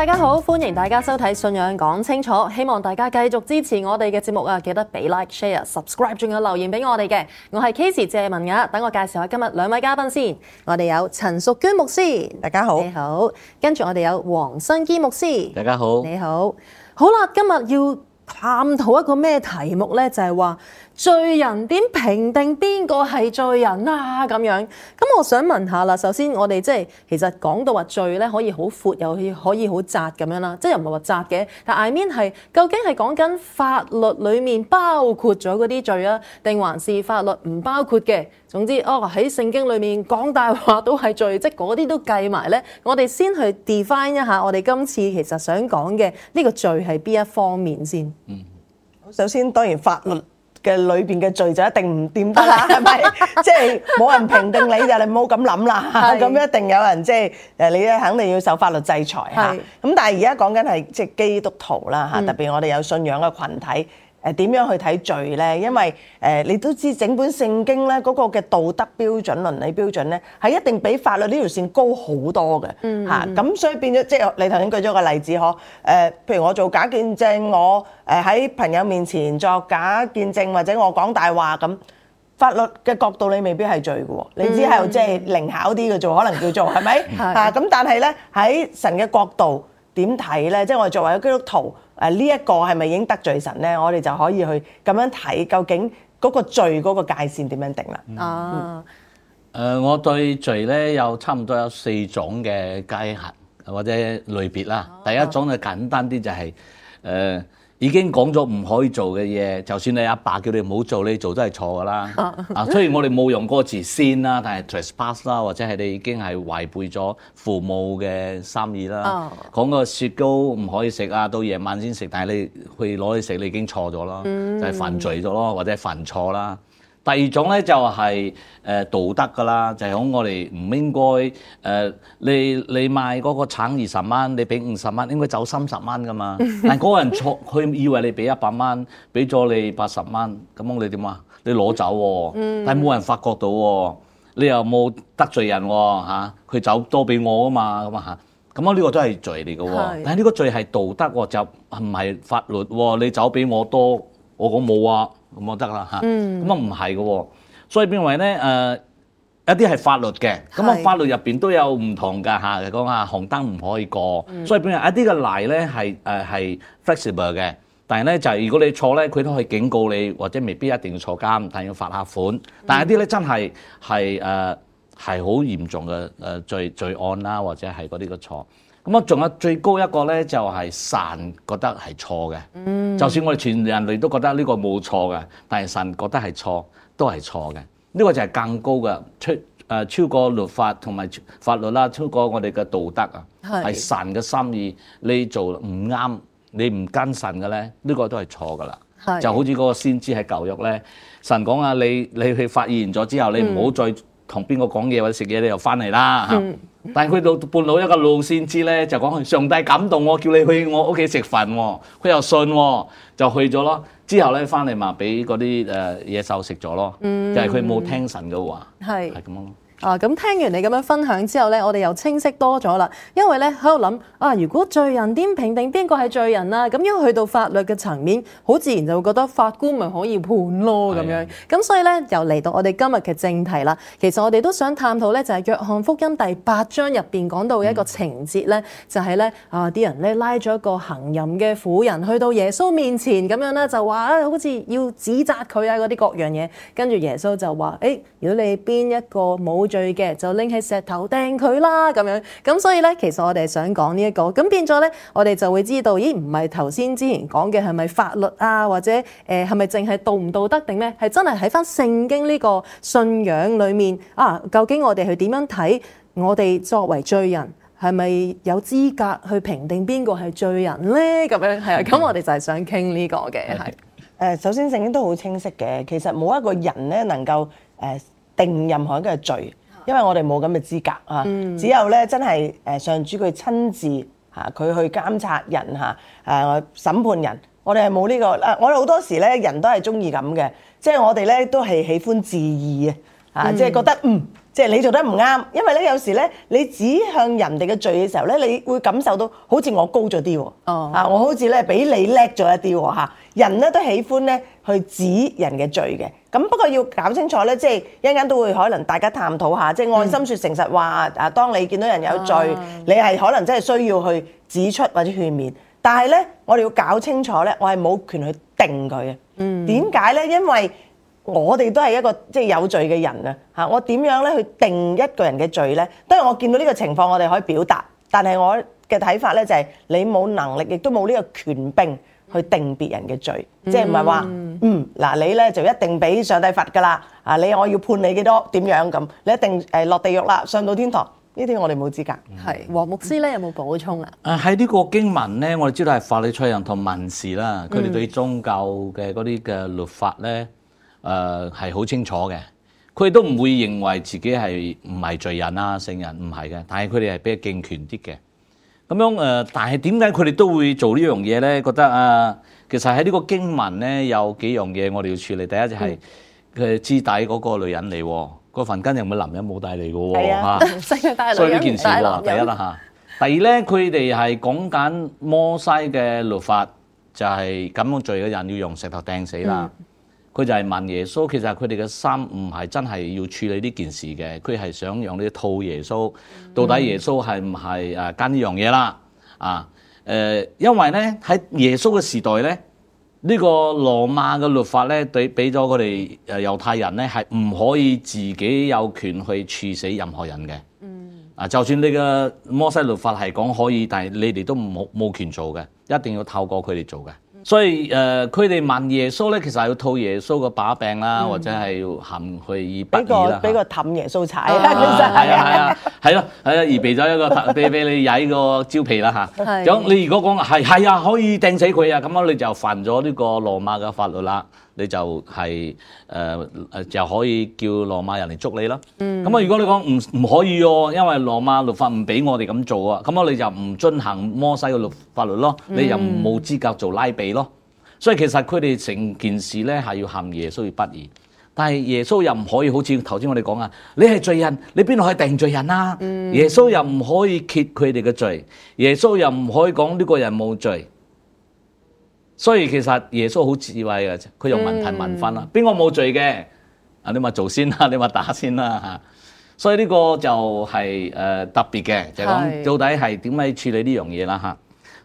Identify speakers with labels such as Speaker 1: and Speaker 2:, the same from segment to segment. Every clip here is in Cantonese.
Speaker 1: 大家好，歡迎大家收睇《信仰講清楚》，希望大家繼續支持我哋嘅節目啊！記得俾 like、share、subscribe，仲有留言俾我哋嘅。我係 Casey 謝文雅，等我介紹下今日兩位嘉賓先。我哋有陳淑娟牧師，大家好，你好；跟住我哋有黃新堅牧師，大家好，你好。好啦，今日要探討一個咩題目呢？就係話。罪人點評定邊個係罪人啊？咁樣咁，我想問下啦。首先我，我哋即係其實講到話罪咧，可以好闊，又可以可以好窄咁樣啦。即係又唔係話窄嘅，但 I mean 係究竟係講緊法律裡面包括咗嗰啲罪啊，定還是法律唔包括嘅？總之，哦喺聖經裡面講大話都係罪，即嗰啲都計埋咧。我哋先去 define 一下，我哋今次其實想講嘅呢個罪係邊一方面先。嗯，首先當然法律嘅裏邊嘅罪就一定唔掂得啦，係咪？ 即係
Speaker 2: 冇人評定，你就你唔好咁諗啦。咁 一定有人即係誒，你咧肯定要受法律制裁嚇。咁 但係而家講緊係即係基督徒啦嚇，特別我哋有信仰嘅群體。誒點樣去睇罪咧？因為誒你都知整本聖經咧嗰個嘅道德標準、倫理標準咧，係一定比法律呢條線高好多嘅。嗯，嚇咁所以變咗，即係你頭先舉咗個例子呵。誒，譬如我做假見證，我誒喺朋友面前作假見證，或者我講大話咁，法律嘅角度你未必係罪嘅喎。你只係即係靈巧啲嘅做，可能叫做，係咪？嚇咁，但係咧喺神嘅角度。點睇咧？即係我作為基督徒，誒呢一個係咪已經得罪神咧？我哋就可以去咁樣睇，究竟嗰個罪嗰個界線點樣定啦？
Speaker 3: 哦，誒，我對罪咧有差唔多有四種嘅界限或者類別啦。第一種就、啊、簡單啲、就係，就係誒。嗯已經講咗唔可以做嘅嘢，就算你阿爸叫你唔好做，你做都係錯㗎啦。啊，雖 然、啊、我哋冇用嗰個詞先啦，但係 trespass 啦，或者係你已經係違背咗父母嘅心意啦。啊、講個雪糕唔可以食啊，到夜晚先食，但係你去攞去食，你已經錯咗咯，就係、是、犯罪咗咯，或者係犯錯啦。嗯第二種咧就係、是、誒、呃、道德噶啦，就係、是、講我哋唔應該誒、呃，你你賣嗰個橙二十蚊，你俾五十蚊，應該走三十蚊噶嘛。但嗰個人錯，佢以為你俾一百蚊，俾咗你八十蚊，咁我你點啊？你攞走喎，但冇人發覺到喎、啊，你又冇得罪人喎、啊、佢、啊、走多俾我嘛啊嘛咁啊嚇，咁啊呢個都係罪嚟噶，但係呢個罪係道德喎、啊，就唔係法律、啊、你走俾我多，我講冇啊。咁啊得啦嚇，咁啊唔係嘅喎，所以變為咧誒、呃、一啲係法律嘅，咁啊是、嗯、法律入邊都有唔同㗎嚇，嚟講啊，紅燈唔可以過，所以變為一啲嘅例咧係誒係 flexible 嘅，但係咧就係如果你錯咧，佢都可以警告你，或者未必一定要坐監，但要罰下款。但係一啲咧真係係誒係好嚴重嘅誒罪罪案啦、啊，或者係嗰啲嘅錯。咁啊，仲有最高一個咧，就係、是、神覺得係錯嘅。嗯，就算我哋全人類都覺得呢個冇錯嘅，但係神覺得係錯，都係錯嘅。呢、這個就係更高嘅，出誒超過律法同埋法律啦，超過我哋嘅道德啊，係是神嘅心意。你做唔啱，你唔跟神嘅咧，呢、這個都係錯㗎喇。是就好似嗰個先知係舊約咧，神講啊，你你去發現咗之後，你唔好再。同邊個講嘢或者食嘢，你又翻嚟啦嚇。但係佢到半路一個路線知咧，就講：上帝感動我喎，叫你去我屋企食飯喎。佢又信喎，就去咗咯。之後咧翻嚟咪俾嗰啲誒野獸食咗咯，就係佢冇聽神嘅話，
Speaker 1: 係係咁樣咯。啊，咁聽完你咁樣分享之後呢，我哋又清晰多咗啦。因為呢，喺度諗啊，如果罪人點評定邊個係罪人啊？咁樣去到法律嘅層面，好自然就會覺得法官咪可以判咯咁的樣。咁所以呢，又嚟到我哋今日嘅正題啦。其實我哋都想探討呢，就係、是、約翰福音第八章入邊講到一個情節呢，嗯、就係呢啊啲人呢，拉、啊、咗一個行淫嘅婦人去到耶穌面前，咁樣呢，就話啊，好似要指責佢啊嗰啲各樣嘢。跟住耶穌就話：誒、欸，如果你邊一個冇罪嘅就拎起石頭掟佢啦咁樣，咁所以呢，其實我哋想講呢一個，咁變咗呢，我哋就會知道，咦，唔係頭先之前講嘅係咪法律啊，或者誒係咪淨係道唔道德定呢？係真係喺翻聖經呢個信仰裏面啊，究竟我哋去點樣睇？我哋作為罪人，係咪有資格去評定邊個係罪人呢？咁樣係啊，咁我哋就係想傾呢個嘅，係
Speaker 2: 誒，首先聖經都好清晰嘅，其實冇一個人呢能夠誒定任何一個罪。因為我哋冇咁嘅資格啊，只有咧真係誒上主佢親自嚇佢去監察人嚇誒、啊、審判人，我哋係冇呢個誒。我哋好多時咧人都係中意咁嘅，即係我哋咧都係喜歡自義嘅。啊，即、就、係、是、覺得嗯，即係、嗯就是、你做得唔啱，因為咧有時咧，你指向人哋嘅罪嘅時候咧，你會感受到好似我高咗啲
Speaker 1: 喎，哦、啊，
Speaker 2: 我好似咧比你叻咗一啲喎、啊、人咧都喜歡咧去指人嘅罪嘅，咁、啊、不過要搞清楚咧，即係一陣間都會可能大家探討下，即係、嗯、愛心説誠實話啊。當你見到人有罪，啊、你係可能真係需要去指出或者勸勉，但係咧，我哋要搞清楚咧，我係冇權去定佢嘅。點解咧？因為我哋都係一個即係有罪嘅人啊！嚇，我點樣咧去定一個人嘅罪呢？當然我見到呢個情況，我哋可以表達，但係我嘅睇法呢，就係你冇能力，亦都冇呢個權柄去定別人嘅罪，嗯、即係唔係話嗯嗱你呢就一定俾上帝罰㗎啦啊！你我要判你幾多點樣咁？你一定誒落地獄啦，上到天堂呢啲我哋冇資格。係、嗯、是黃牧師呢，有冇補
Speaker 1: 充啊？
Speaker 3: 誒喺呢個經文呢，我哋知道係法律催人同民事啦，佢哋對宗教嘅嗰啲嘅律法呢。誒係好清楚嘅，佢哋都唔會認為自己係唔係罪人啊、聖人唔係嘅，但係佢哋係比較敬虔啲嘅。咁樣誒、呃，但係點解佢哋都會做呢樣嘢咧？覺得啊、呃，其實喺呢個經文咧有幾樣嘢我哋要處理。第一就係誒只帶嗰個女人嚟、啊，個份根有冇男人冇帶嚟嘅喎，所以呢件事第一啦嚇、啊。第二咧，佢哋係講緊摩西嘅律法，就係、是、咁樣罪嘅人要用石頭掟死啦。嗯佢就係問耶穌，其實佢哋嘅心唔係真係要處理呢件事嘅，佢係想讓呢套耶穌，到底耶穌係唔係誒跟呢樣嘢啦？啊、呃、誒、呃，因為咧喺耶穌嘅時代咧，呢、這個羅馬嘅律法咧，對俾咗佢哋誒猶太人咧係唔可以自己有權去處死任何人嘅。嗯、呃、啊，就算你嘅摩西律法係講可以，但係你哋都冇冇權做嘅，一定要透過佢哋做嘅。所以誒，佢、呃、哋問耶穌咧，其實係要套耶穌個把柄啦，嗯、或者係要陷佢以不義啦，俾個俾、啊、個氹耶穌
Speaker 2: 踩啦、啊，啊、其實係 啊，係咯，
Speaker 3: 係啊，預、啊、備咗一個俾俾你曳個蕉皮啦嚇，咁你如果講係係啊，可以掟死佢啊，咁啊你就犯咗呢個羅馬嘅法律啦。你就係誒誒，就可以叫羅馬人嚟捉你啦。咁啊、嗯，如果你講唔唔可以哦，因為羅馬律法唔俾我哋咁做啊，咁我你就唔遵行摩西嘅律法律咯，你又冇資格做拉比咯。嗯、所以其實佢哋成件事咧係要陷耶穌於不義，但係耶穌又唔可以好似頭先我哋講啊，你係罪人，你邊度可以定罪人啊？嗯、耶穌又唔可以揭佢哋嘅罪，耶穌又唔可以講呢個人冇罪。所以其實耶穌好智慧嘅，佢用問題問翻啦。邊個冇罪嘅？啊，你話做先啦，你話打先啦嚇。所以呢個就係、是、誒、呃、特別嘅，就講、是、到底係點樣處理呢樣嘢啦嚇。是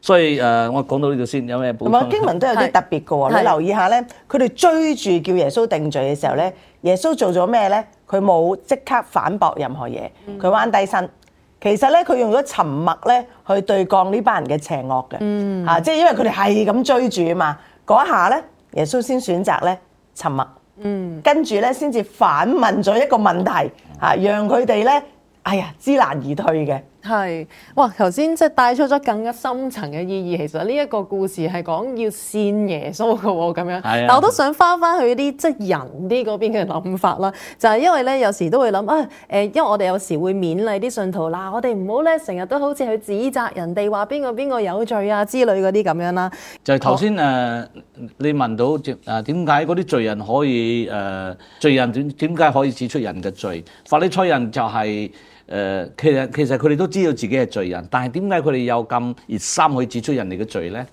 Speaker 3: 所以誒、呃，我講到呢度先，有咩補充？唔係經文都有啲
Speaker 2: 特別嘅喎。是你留意下咧，佢哋追住叫耶穌定罪嘅時候咧，是是耶穌做咗咩咧？佢冇即刻反駁任何嘢，佢彎低身。其實咧，佢用咗沉默咧去對抗呢班人嘅邪惡嘅，啊、嗯，即係因為佢哋係咁追住啊嘛，嗰一下咧，耶穌先選擇咧沉默，嗯，跟住咧先至反問咗一個問題，啊，讓佢哋咧，哎呀，知難而退嘅。
Speaker 1: 係，哇！頭先即係帶出咗更加深層嘅意義。其實呢一個故事係講要贊耶穌嘅喎，咁樣。係啊的。但我都想返返去啲即係人啲嗰邊嘅諗法啦。就係、是、因為咧，有時都會諗啊，誒，因為我哋有時會勉勵啲信徒，嗱、啊，我哋唔好咧，成日都好似去指責人哋話邊個邊個有罪啊之類嗰啲咁樣啦。就係頭先
Speaker 3: 誒，你問到誒點解嗰啲罪人可以誒、呃、罪人點點解可以指出人嘅罪？法利賽人就係、是。誒、呃、其實其實佢哋都知道自己係罪人，但係點解佢哋有咁熱心去指出人哋嘅罪咧？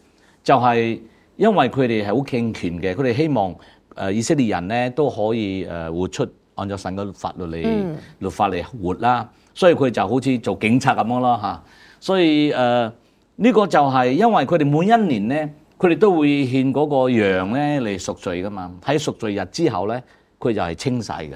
Speaker 3: 就係、是、因為佢哋係好傾權嘅，佢哋希望誒、呃、以色列人咧都可以誒、呃、活出按照神嘅法律嚟律法嚟活啦，所以佢就好似做警察咁樣咯嚇。所以誒呢、呃這個就係因為佢哋每一年咧，佢哋都會獻嗰個羊咧嚟贖罪㗎嘛。喺贖罪日之後咧，佢就係清洗嘅，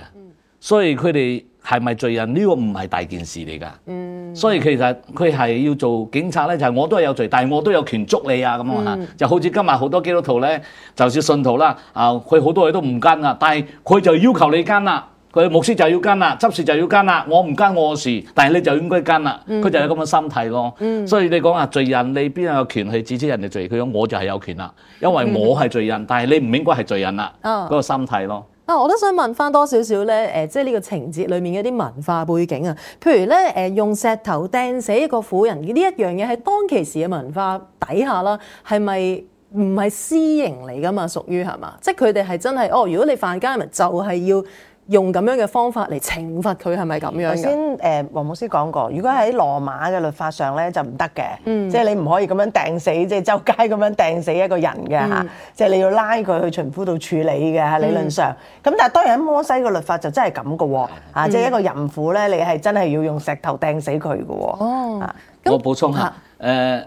Speaker 3: 所以佢哋。係咪罪人？呢、這個唔係大件事嚟噶，嗯、所以其實佢係要做警察咧，就係、是、我都係有罪，但係我都有權捉你啊咁啊嚇！樣嗯、就好似今日好多基督徒咧，就算、是、信徒啦，啊佢好多嘢都唔跟啊，但係佢就要求你跟啦，佢牧師就要跟啦，執事就要跟啦，我唔跟我事，但係你就應該跟啦，佢、嗯、就有咁嘅心態咯。嗯、所以你講啊，罪人你邊有權去指責人哋罪？佢講我就係有權啦，因為我係罪人，但係你唔應該係罪人啦，嗰、嗯嗯那個心態咯。
Speaker 1: 啊！我都想問翻多少少咧，誒、呃，即係呢個情節裏面嘅啲文化背景啊。譬如咧，誒、呃，用石頭掟死一個婦人，呢一樣嘢喺當其時嘅文化底下啦，係咪唔係私刑嚟噶嘛？屬於係嘛？即係佢哋係真係哦。如果你犯奸，咪就係、是、要。用咁樣嘅方法嚟懲罰佢係咪咁樣？頭先誒，黃牧師講過，如果喺羅馬嘅律法上咧，就唔得嘅，嗯、
Speaker 2: 即係你唔可以咁樣掟死，即係周街咁樣掟死一個人嘅嚇，嗯、即係你要拉佢去巡撫度處理嘅、嗯、理論上，咁但係當然喺摩西嘅律法就真係咁嘅喎，啊、嗯，即係一個淫婦咧，你係真係要用石頭掟死佢嘅喎。
Speaker 3: 哦、我補充下，誒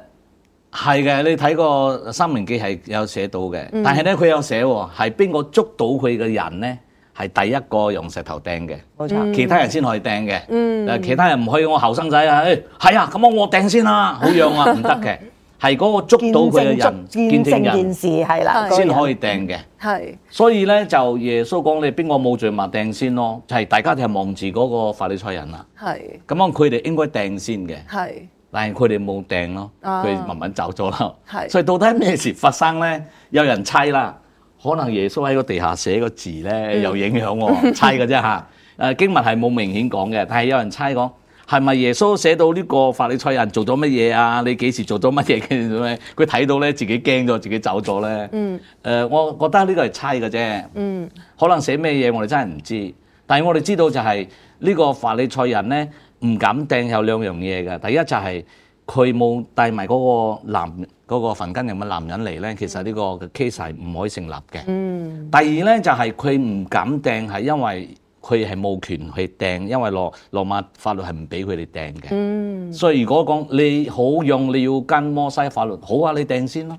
Speaker 3: 係嘅，你睇個申命記係有寫到嘅，但係咧佢有寫喎，係邊個捉到佢嘅人咧？係第一個用石頭掟嘅，冇錯其他人先可以掟嘅。誒、嗯，其他人唔可以。我後生仔啊，係啊，咁我我掟先啦，好樣啊，唔得嘅，係嗰個捉到佢嘅人見，見證件事
Speaker 1: 係啦，先可以掟嘅。係、嗯，
Speaker 3: 嗯、所以咧就耶穌講你邊個冇罪，咪掟先咯，就係大家就望住嗰個法利賽人啦。係是，咁樣佢哋應該掟先嘅。係是，但係佢哋冇掟咯，佢、啊、慢慢走咗啦。係，所以到底咩事發生咧？有人猜啦。可能耶穌喺個地下寫個字咧，有影響喎、哦，猜嘅啫嚇。誒、啊、經文係冇明顯講嘅，但係有人猜講係咪耶穌寫到呢個法利賽人做咗乜嘢啊？你幾時做咗乜嘢嘅咧？佢睇到咧，自己驚咗，自己走咗咧。嗯。誒，我覺得呢個係猜嘅啫。嗯。可能寫咩嘢，我哋真係唔知。但係我哋知道就係、是、呢、呢個法利賽人咧，唔敢掟有兩樣嘢嘅。第一就係、是。佢冇帶埋嗰個男嗰、嗰個墳間入面男人嚟咧，其實呢個 case 係唔可以成立嘅。第二咧就係佢唔敢掟，係因為佢係冇權去掟，因為羅羅馬法律係唔俾佢哋掟嘅。所以如果講你好用，你要跟摩西法律好啊，你掟先啦，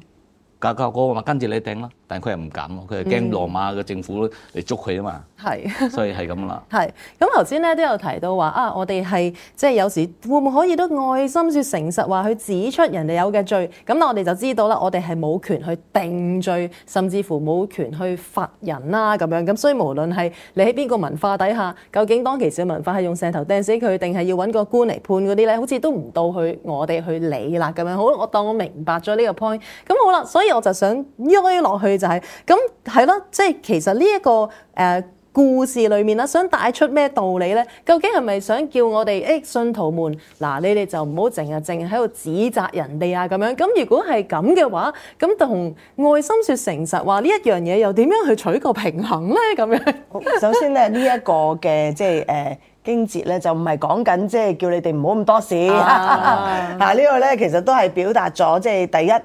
Speaker 3: 格格哥咪跟住你掟啦。但佢又唔敢，佢又驚羅馬嘅政府嚟捉佢啊嘛，係、嗯，所以係咁啦。
Speaker 1: 係， 咁頭先咧都有提到話啊，我哋係即係有時會唔會可以都愛心説誠實話去指出人哋有嘅罪，咁我哋就知道啦，我哋係冇權去定罪，甚至乎冇權去罰人啦、啊、咁樣。咁所以無論係你喺邊個文化底下，究竟當其時嘅文化係用石頭掟死佢，定係要揾個官嚟判嗰啲咧，好似都唔到去我哋去理啦咁樣。好，我當我明白咗呢個 point。咁好啦，所以我就想喐落去。就係咁，係咯，即係其實呢一個誒故事裏面啦，想帶出咩道理呢？究竟係咪想叫我哋誒信徒們，嗱你哋就唔好淨係淨喺度指責人哋啊咁樣？咁如果係咁嘅話，咁同愛心説誠實話呢一樣嘢，又點樣去取個平衡呢？咁樣首先咧，呢一 個嘅即係誒。呃
Speaker 2: 經節咧就唔係講緊，即係叫你哋唔好咁多事。嗱呢、啊 啊啊啊呢個咧其實都係表達咗，即係第一誒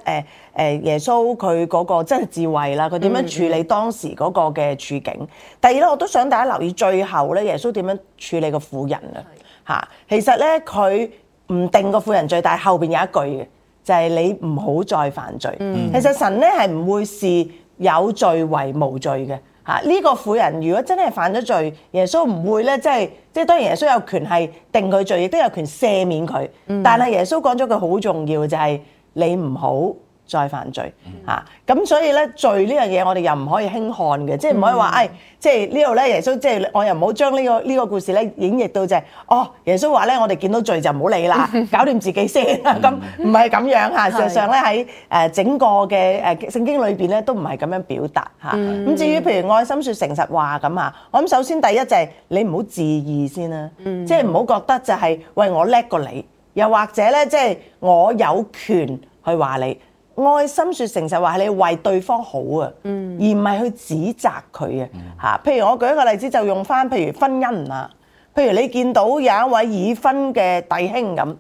Speaker 2: 誒耶穌佢嗰個真係智慧啦，佢點樣處理當時嗰個嘅處境。嗯、第二咧，我都想大家留意最後咧，耶穌點樣處理個婦人嘅嚇、啊。其實咧佢唔定個婦人罪，但係後邊有一句嘅，就係、是、你唔好再犯罪。嗯嗯、其實神咧係唔會視有罪為無罪嘅。嚇！呢個婦人如果真係犯咗罪，耶穌唔會咧、就是，即係即係當然耶穌有權係定佢罪，亦都有權赦免佢。但係耶穌講咗句好重要，就係你唔好再犯罪嚇，咁、mm hmm. 啊、所以咧罪呢樣嘢，我哋又唔可以輕看嘅，即係唔可以話誒、mm hmm. 哎，即係呢度咧耶穌，即係我又唔好將呢個呢、這個故事咧演繹到就係、是、哦，耶穌話咧，我哋見到罪就唔好理啦，mm hmm. 搞掂自己先啦，咁唔係咁樣嚇。事、啊、實上咧喺誒整個嘅誒聖經裏邊咧，都唔係咁樣表達嚇。咁、啊 mm hmm. 至於譬如愛心説誠實話咁嚇，我諗首先第一就係你唔好自意先啦、啊，即係唔好覺得就係、是、喂我叻過你，又或者咧即係我有權去話你。愛心説誠實話係你為對方好啊，而唔係去指責佢啊嚇。譬如我舉一個例子，就用翻譬如婚姻啊。譬如你見到有一位已婚嘅弟兄咁，誒、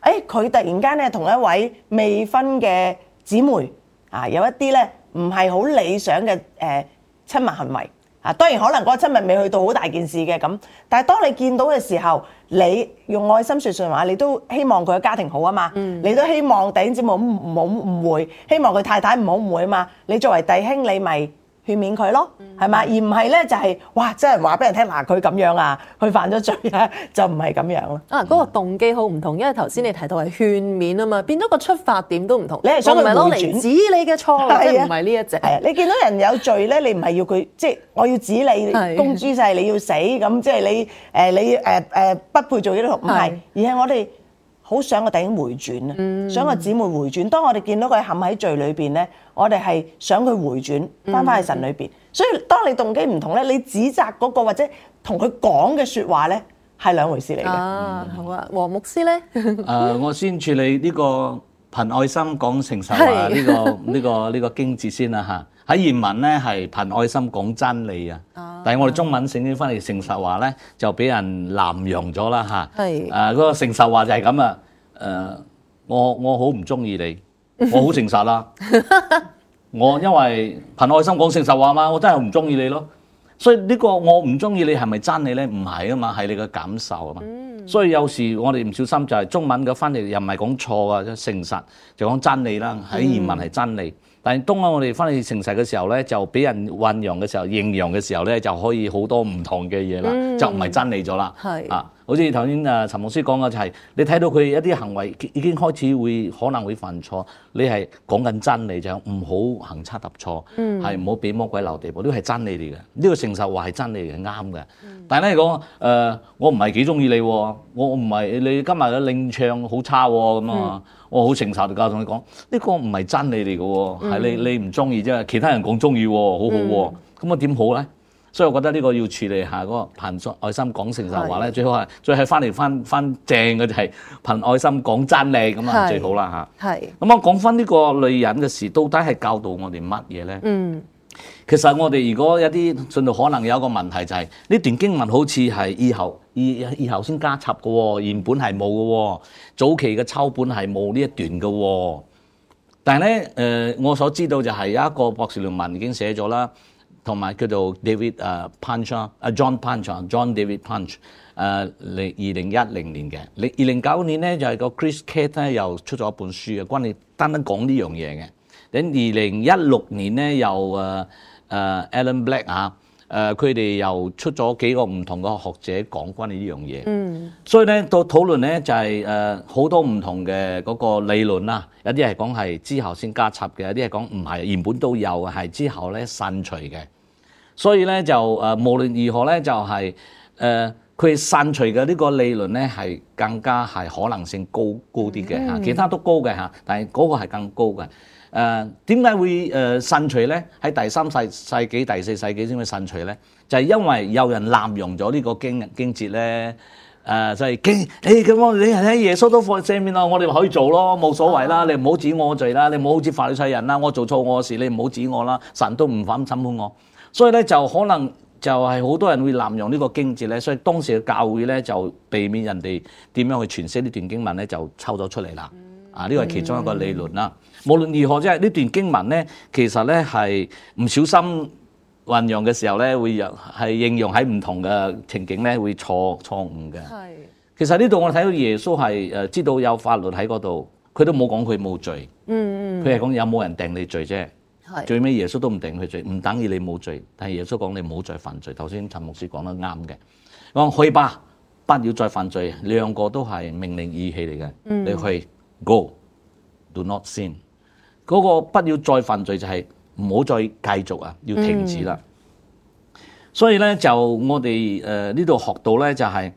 Speaker 2: 哎、佢突然間咧同一位未婚嘅姊妹啊，有一啲咧唔係好理想嘅誒、呃、親密行為。啊，當然可能嗰個親密未去到好大件事嘅咁，但係當你見到嘅時候，你用愛心説説話，你都希望佢家庭好啊嘛，嗯、你都希望弟兄姊妹唔好誤會，希望佢太太唔好誤會啊嘛，你作為弟兄你咪，勸勉佢咯，係咪？而唔係咧，就係哇！即係話俾人聽，話佢咁樣啊，佢犯咗罪
Speaker 1: 啊，就唔係咁樣咯。啊，嗰、啊那個動機好唔同，因為頭先你提到係勸勉啊嘛，變咗個出發點都唔同。你係想佢扭轉，唔係攞嚟指你嘅錯，啊、即係唔係呢一隻？係、啊啊、你見到人有罪
Speaker 2: 咧，你唔係要佢， 即係我要指你，你公諸世你要死咁，即係你誒、呃，你誒誒不配做呢啲，唔係、啊，而係我哋。好想個弟回轉啊！嗯、想個姊妹回轉。當我哋見到佢陷喺罪裏邊咧，我哋係想佢回轉，翻翻去神裏邊。嗯、所以當你動機唔同咧，你指責嗰、那個或者同佢講嘅説話咧，
Speaker 1: 係兩回事嚟嘅。啊，好啊，黃牧師咧。
Speaker 3: 誒、 啊，我先處理呢、這個。憑愛心講誠實話呢是的、 呢個呢、呢個呢、呢個經節先啦嚇，喺、啊、原文咧係憑愛心講真理啊，但係我哋中文醒起翻嚟誠實話咧就俾人濫用咗啦嚇，啊嗰個誠實話就係咁啊，誒我我好唔中意你，
Speaker 1: 我好誠
Speaker 3: 實啦， 我因為憑愛心講誠實話嘛，我真係唔中意你咯，所以呢個我唔中意你係咪真理咧？唔係啊嘛，係你嘅感受啊嘛。所以有時我哋唔小心就係中文嘅翻譯又唔係講錯啊，誠、就是、實就講真理啦，喺原文係真理。但係，當我哋返去誠實嘅時候咧，就俾人運用嘅時候、應用嘅時候咧，就可以好多唔同嘅嘢啦，嗯、就唔係真理咗啦。係是啊，好似頭先啊陳老師講嘅就係、是，你睇到佢一啲行為已經開始會可能會犯錯，你係講緊真理就唔好行差踏錯，係唔好俾魔鬼留地步。呢個係真理嚟嘅，呢、這個誠實話係真理嘅，啱嘅。但係咧講誒，我唔係幾鍾意你，我唔係你今日嘅領唱好差喎咁啊！我好誠實教同你講，呢、這個唔係真理嚟嘅喎，係、嗯、你你唔中意即啫，其他人講中意、啊，好好喎、啊，咁啊點好咧？所以我覺得呢個要處理下嗰、那個憑愛心講誠實話咧是，最好係最係翻嚟翻翻正嘅就係、是、憑愛心講真理咁啊，最好啦嚇。係。咁我講翻呢個女人嘅事，到底係教導我哋乜嘢咧？嗯。其實我哋如果有啲信徒，可能有一個問題就係呢段經文好似係以後、以以後先加插嘅、哦，原本係冇嘅，早期嘅抄本係冇呢一段嘅、哦。但係咧，誒、呃，我所知道就係有一個博士論文已經寫咗啦，同埋叫做 David 誒、uh, Punch，uh, John Punch，John、uh, David Punch，誒、uh,，二零一零年嘅，二零零九年咧就係、是、個 Chris Cat 又出咗一本書，關於單單講呢樣嘢嘅。等二零一六年咧，又誒誒 Alan Black 啊，誒佢哋又出咗幾個唔同嘅學者講關於呢樣嘢。嗯。所以咧，到討論咧就係誒好多唔同嘅嗰個理論啦，有啲係講係之後先加插嘅，有啲係講唔係原本都有，係之後咧散除嘅。所以咧就誒，無論如何咧，就係誒佢刪除嘅呢個理論咧，係更加係可能性高高啲嘅嚇，其他都高嘅嚇，但係嗰個係更高嘅。誒點解會誒刪除咧？喺第三世世紀、第四世紀先會刪除咧，就係因為有人濫用咗呢個經經節咧，誒就係經，誒咁我你睇耶穌都放喺上面咯，我哋咪可以做咯，冇所謂啦，你唔好指我罪啦，你唔好好似法律世人啦，我做錯我嘅事，你唔好指我啦，神都唔敢審判我，所以咧就可能就係好多人會濫用呢個經節咧，所以當時嘅教會咧就避免人哋點樣去詮釋呢段經文咧，就抽咗出嚟啦。啊！呢個係其中一個理論啦。嗯、無論如何，即係呢段經文咧，其實咧係唔小心運用嘅時候咧，會有係應用喺唔同嘅情景咧，會錯錯誤嘅。係是其實呢度我睇到耶穌係誒知道有法律喺嗰度，佢都冇講佢冇罪。嗯，佢係講有冇人定你罪啫。係是最尾耶穌都唔定佢罪，唔等於你冇罪。但係耶穌講你冇再犯罪。頭先陳牧師講得啱嘅，講去吧，嗯、不要再犯罪。兩個都係命令語氣嚟嘅，你去。你去 Go, do not sin。嗰個不要再犯罪就係唔好再繼續啊，要停止啦。嗯、所以咧就我哋誒，呢度學到咧就係、是、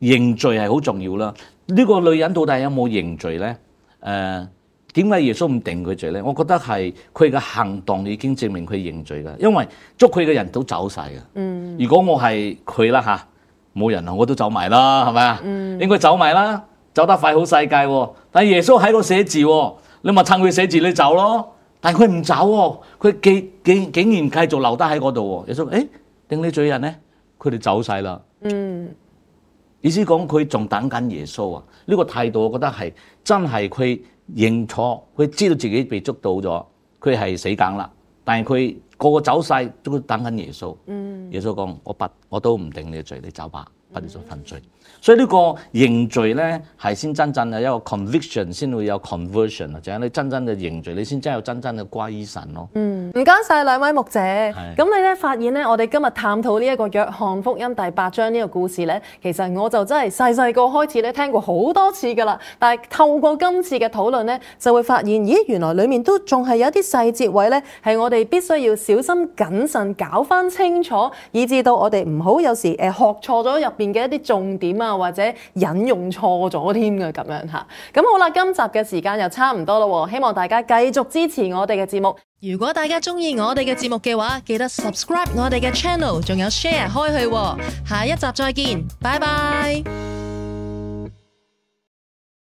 Speaker 3: 認罪係好重要啦。呢、呢個女人到底有冇認罪咧？誒、呃，點解耶穌唔定佢罪咧？我覺得係佢嘅行動已經證明佢認罪噶，因為捉佢嘅人都走晒噶。嗯，如果我係佢啦吓，冇、啊、人啦，我都走埋啦，係咪啊？嗯，應該走埋啦。走得快好世界喎，但係耶穌喺度寫字喎，你咪趁佢寫字你走咯。但係佢唔走喎，佢竟竟竟然繼續留得喺嗰度喎。耶穌，誒，定你罪人咧？佢哋走晒啦。嗯，意思講佢仲等緊耶穌啊？呢個態度我覺得係真係佢認錯，佢知道自己被捉到咗，佢係死梗啦。但係佢個個走晒，都等緊耶穌。嗯，耶穌講：我不我都唔定你罪，你走吧。犯罪，所以個刑呢個認罪咧係先真正係一個 conviction，先會有 conversion，就係你真正嘅認罪，你先真係有真正嘅歸順神咯。
Speaker 1: 嗯，唔該晒兩位牧者。咁是你咧發現咧，我哋今日探討呢一個約翰福音第八章呢個故事咧，其實我就真係細細個開始咧聽過好多次噶啦。但係透過今次嘅討論咧，就會發現，咦，原來裡面都仲係有啲細節位咧，係我哋必須要小心謹慎搞翻清楚，以至到我哋唔好有時誒學錯咗入邊嘅一啲重點啊，或者引用錯咗添嘅咁樣吓。咁好啦，今集嘅時間又差唔多咯，希望大家繼續支持我哋嘅節目。如果大家鍾意我哋嘅節目嘅話，記得 subscribe 我哋嘅 channel，仲有 share 開去哦。下一集再見，拜拜。